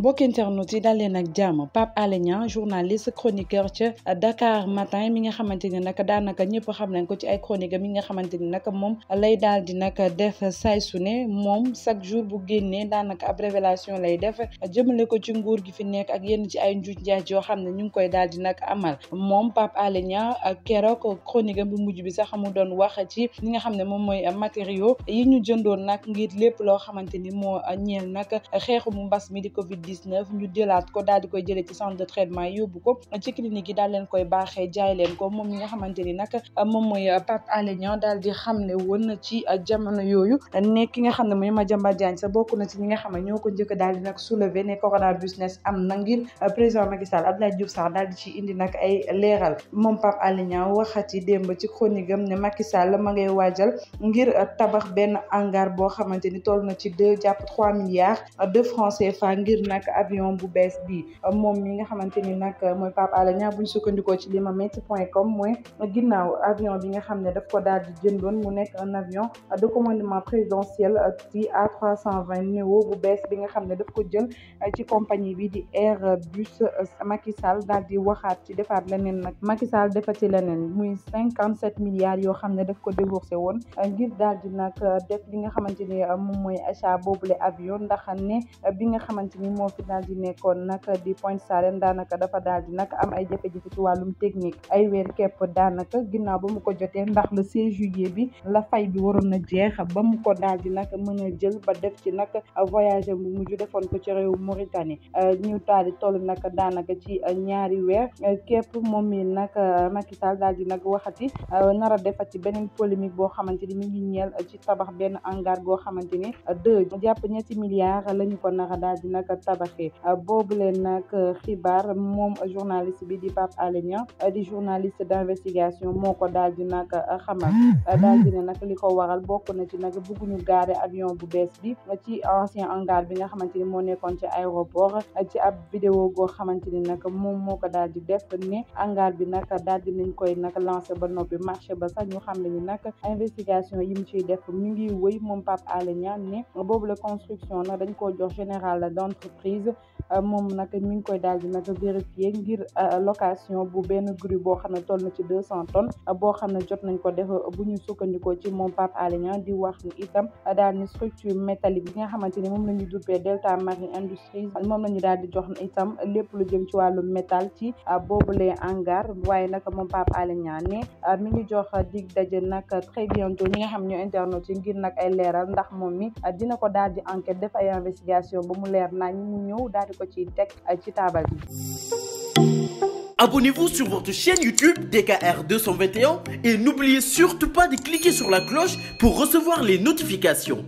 mbokki internet yi dalee nag jàmm Pape Alé Niang journaliste chroniqueur ca Dakar Matin mi nga xamante ni nag daanaka ñëpp xam nañ ko ci ay chronique mi nga xamante ni nag moom lay daal di nag def say su ne moom chaque jour bu génnee daanaka ab révélation lay def jëmale ko ci nguur gi fi nekk ak yenn ci ay njuuj njaaj yoo xam ne ñu ngi koy daal di nag amal moom Pape Alé Niang keroog chronique bi mujj bi sax a mu doon wax ci li nga xam ne moom mooy matériaux yi ñu jëndoon nag ngir lépp loo xamante ni moo ñeel nag xeexu mu mi di covid 19 ñu jëlaat ko daal di koy jëlee ci centre de traitement yóbbu ko ci clinique yi daal leen koy baaxee jaay leen ko moom mi nga xamante ni nag moom mooy Pape Alé Niang daal di xamle woon ci jamono yooyu ne ki nga xam ne mooy Madiambal Diagne sa bokk na ci ñi nga xam ne ñoo ko njëkk daal di nag soulever ne corona business am na ngir président Macky Sall Abdoulaye Diouf Sarr daal di ci indi nag ay leeral moom Pape Alé Niang waxati démb ci chronique am ne Macky Sall ma ngay waajal ngir tabax benn hangar boo xamante ni toll na ci deux jàpp trois nag avion bu bees bi moom mi nga xamante ni mooy Pape Alé Niang buñ sukkandikoo ci limametti point com mooy ginnaaw avion bi nga xam ne daf ko daal di jëndoon mu nekk un avion de commandement ci A320 neo bu bees bi nga xam ne daf ko jël ci compagnie bi di Airbus Macky Sall daal di waxaat ci defaat leneen nag Macky Sall defati leneen muy cinquante sept milliards yoo xam ne daf ko débourser woon ngir daal di nag def li nga xamante ni moo fi daal di nekkoon nag di Pointe Sarène daanaka dafa daal di nag am ay jafe-jafe ci wàllum technique ay weer kepp daanaka ginnaaw ba mu ko jotee ndax le 16 juillet bi la fay bi waroon na jeex ba mu ko daal di nag mën a jël ba def ci nag voyage bu mujj defoon ko ci réew Mauritanie euh, ñu daal di toll nag daanaka ci ñaari weer képp moom mi nag Macky Sall daal di nag waxati euh, nar a ci beneen polémique boo xamante ni mi ngi ñeel ci tabax benn hangar goo xamante ni a tabaxee euh, boobu leen nag euh, xibaar moom journaliste bi di Pape Alé Niang euh, di journaliste d'investigation moo ko daal di nag xamal hmm. daal di hmm. ne nag li ko waral bokk na ci nag bëgguñu gaare avion bu bees bi ci ancien hangar bi nga xamante ni moo nekkoon ci aéroport ci ab vidéo goo xamante ni nag moom moo ko daal di def ni hangar bi nag daal di nañ koy nag lancé ba noppi marché ba sax ñu xam ne ni nag investigation yi mu ciy def mi ngi wëy moom Pape Alé Niang boobu la construction entreprise euh, moom nag mi ngi koy daal di nag vérifier ngir euh, location bu benn grue boo xam ne toll na ci deux cent tonnes euh, boo xam ne jot nañ ko def bu ñu sukkandikoo ci moom Pape Alé di wax ni itam daal ni structure métallique nga xamante ni moom la ñu duppee Delta Marine Industries moom la ñu daal di jox itam lépp lu jëm ci wàllu métal ci boobulee hangar waaye nag moom Pape Alé Niang ne mi ngi jox dig daje nag très bientôt ñi nga xam ñoo internet ci ngir nag ay leeral ndax moom mi dina ko daal di enquête def ay investigation ba mu leer naa ñëw daal di ko ci teg euh, ci taabal bi. Abonnez-vous sur votre chaîne YouTube DKR 221 et n'oubliez surtout pas de cliquer sur la cloche pour recevoir les notifications.